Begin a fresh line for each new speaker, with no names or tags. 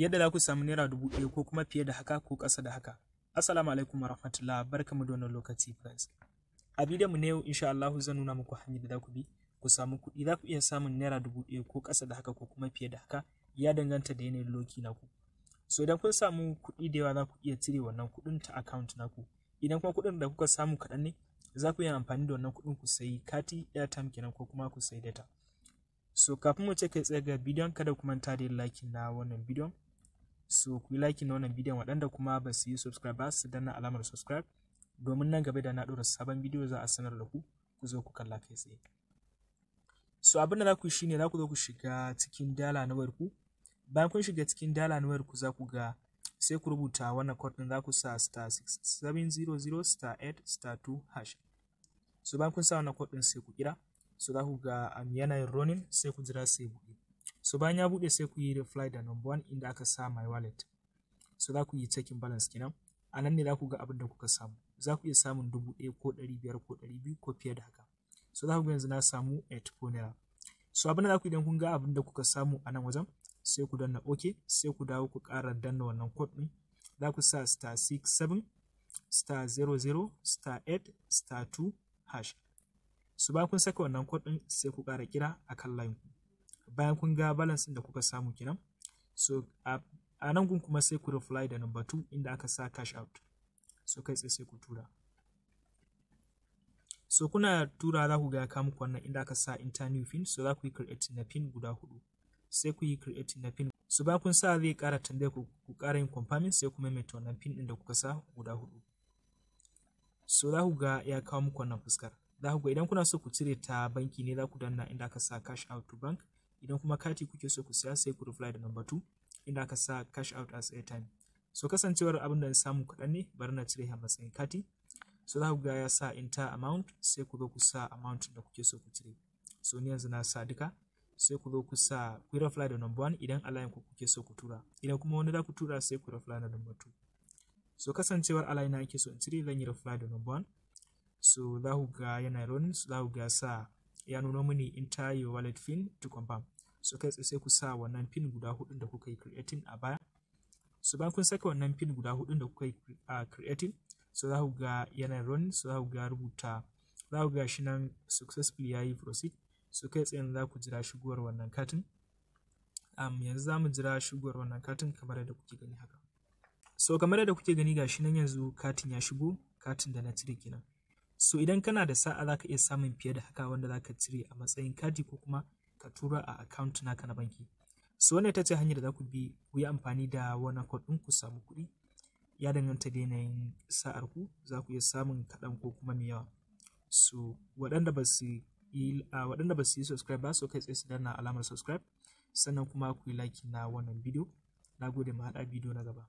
yadda za ku samu naira dubu ɗaya ko kuma fiye da haka ko ƙasa da haka assalamu alaikum warahmatullah barkamu da wannan lokaci friends a bidiyon mu ne yau insha Allah zan nuna muku hanyar da za ku bi ku samu kuɗi za ku iya samun naira dubu ɗaya ko ƙasa da haka ko kuma fiye da haka ya danganta da yanayin loki naku so idan kun samu kuɗi da yawa za ku iya cire wannan kuɗin ta account naku idan kuma kuɗin da kuka samu kaɗan ne za ku iya amfani da wannan kuɗin ku sayi kati airtime kenan ko kuma ku sayi data so kafin mu ce kai tsaye ga bidiyon kada ku manta da like na wannan bidiyon so ku yi like na wannan bidiyon waɗanda kuma ba su yi subscribe ba su danna alamar subscribe domin nan gaba da na ɗora sabon bidiyo za a sanar da ku ku zo ku kalla kai tsaye so abin da za ku yi shine za ku zo ku shiga cikin dala na ku bayan kun shiga cikin dala na ku za ku ga sai ku rubuta wannan code din za ku sa star 700 star 8 star 2 hash so bayan kun sa wannan code din sai ku kira so za ku ga um, yana running sai ku jira sai buɗe so bayan ya buɗe sai ku yi reply da number one inda aka sa my wallet so za ku yi checking balance kenan a nan ne za ku ga abin da kuka samu za ku iya samun dubu ɗaya ko ɗari biyar ko ɗari biyu ko fiye da haka so za ku ga yanzu na samu ko naira so abin da za ku idan kun ga abin da kuka samu a nan wajen sai ku danna ok sai ku dawo ku ƙara danna wannan code ɗin za ku sa star 67 star 00 star 8 star 2 hash su so, ba kun saka wannan code ɗin sai ku kara kira a kan line ku bayan kun ga balance ɗin da kuka samu kenan so a nan gun kuma sai ku reply da number 2 inda aka sa cash out so kai sai sai ku tura so kuna tura za ku ga ka muku wannan inda aka sa new pin so za ku yi create na pin guda hudu sai ku yi create na pin so bayan kun sa zai kara tambaye ku ku kara yin confirming sai ku maimaita wannan pin din da kuka sa guda hudu so za ku ga ya kawo muku wannan fuskar za ku ga idan kuna so ku cire ta banki ne za ku danna inda aka sa cash out to bank idan kuma kati kuke so ku siya sai ku reply da number 2 inda aka sa cash out as airtime so kasancewar abin da na samu kaɗan ne bari na cire a matsayin kati so za ku ga ya sa enter amount sai ku zo ku sa amount da kuke so ku cire so ni yanzu na sa duka sai ku zo ku sa ku reply da number 1 idan align ku kuke so ku tura idan kuma wani za ku tura sai ku reply da number 2 so kasancewar align na ake so in cire zan yi reply da number 1 so za ku ga yana running so za ku ga sa ya nuna mini enter your wallet pin to confirm so kai tsaye sai ku sa wannan pin guda hudun da kuka yi creating a baya so bayan kun saka wannan pin guda hudun da kuka yi creating so za ku ga yana run so za ku ga rubuta za ku ga shi nan successfully yayi proceed so kai tsaye za ku jira shigowar wannan katin um, yanzu za mu jira shigowar wannan katin kamar yadda kuke gani haka so kamar yadda kuke gani gashi nan yanzu katin ya shigo katin da na cire kenan so idan kana da sa'a za ka iya samun fiye da haka wanda za ka cire a matsayin kati ko kuma ka tura a account naka na banki so wannan ita ce hanyar da za ku bi ku yi amfani da wannan code ɗin ku samu kuɗi ya danganta da yanayin sa'ar ku za ku iya samun kaɗan ko kuma mai yawa so waɗanda ba su yi waɗanda ba su yi subscribe ba so kai tsaye su danna alamar subscribe sannan kuma ku yi like na wannan bidiyo na gode ma haɗa bidiyo na gaba